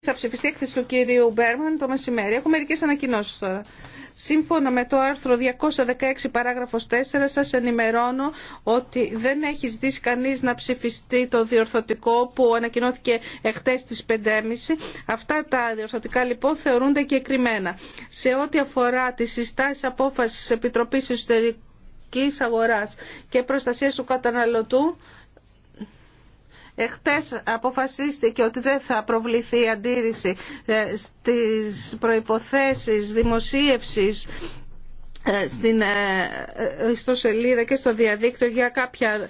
Θα ψηφιστεί έκθεση του κύριου Μπέρμαν το μεσημέρι. Έχω μερικέ ανακοινώσει τώρα. Σύμφωνα με το άρθρο 216 παράγραφος 4 σας ενημερώνω ότι δεν έχει ζητήσει κανείς να ψηφιστεί το διορθωτικό που ανακοινώθηκε εχθές στις 5.30. Αυτά τα διορθωτικά λοιπόν θεωρούνται και Σε ό,τι αφορά τις συστάσεις απόφασης Επιτροπής Εσωτερικής Αγοράς και Προστασίας του Καταναλωτού Εχτές αποφασίστηκε ότι δεν θα προβληθεί αντίρρηση ε, στις προϋποθέσεις δημοσίευσης ε, στην ε, ιστοσελίδα και στο διαδίκτυο για κάποια